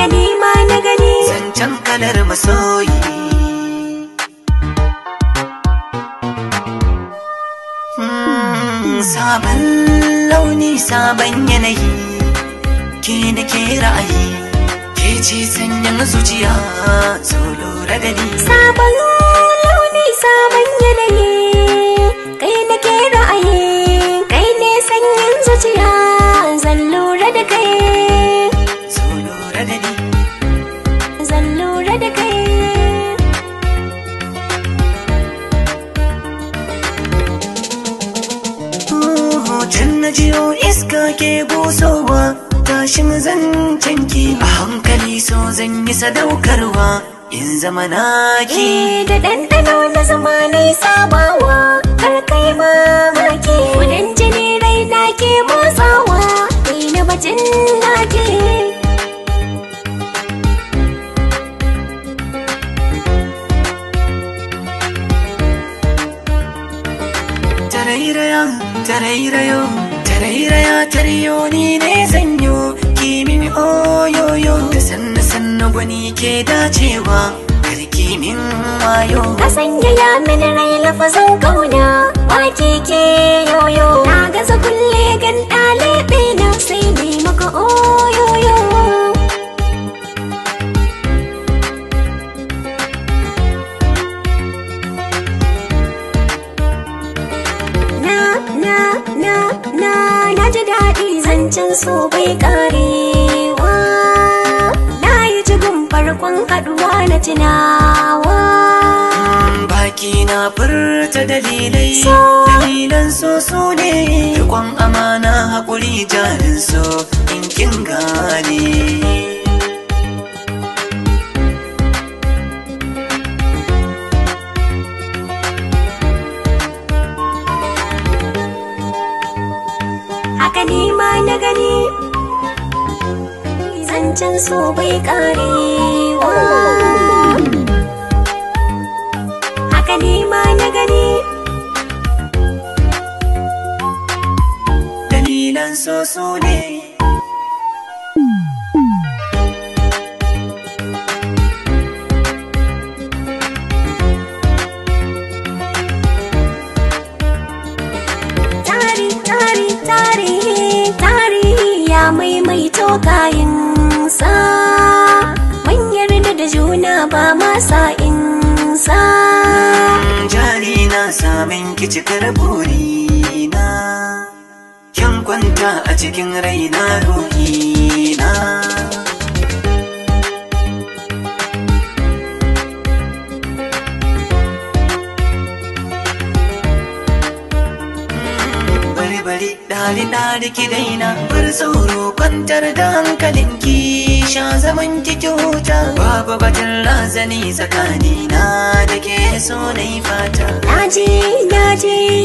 ka nima na gani zancen kanar masoyi hmm, sabon launi sabon yanayi ke da ke ra'ayi ke ce sanyin zuciya zo lura gani. sabon launi sabon na jiyo iska ke busowa tashin zan canki. a hankali so zan yi sadaukarwa in zama naki eh, da ɗanɗano na zama ne sabawa har kai mamaki wurin jini rai na ke motsawa ni na bacin naki tarairayo tarairayo Raira ya taryo ni ne zanyo kimin oyoyo da sanna sanna gwani ke dacewa karki min wayo ka sanya ya min rai lafazin kauna wake ke yoyo na gaza kulle ganda zancen so bai karewa na yi jigun farkon haduwa na tunawa baki na furta dalilai dalilan so so ne rikon amana haƙuri jarin so in kin gane gani zancen so bai karewa haka ne ma na gani dalilan so su ne so kayansa mun yarda da juna ba ma sa'insa jari na samun kici burina kin kwanta a cikin raina ruhina bari bari dali-dali ki daina bar sauro kwantar da ki sha zaman ki kyauta. babu batun razani tsakanina da ke so na yi fata naji naji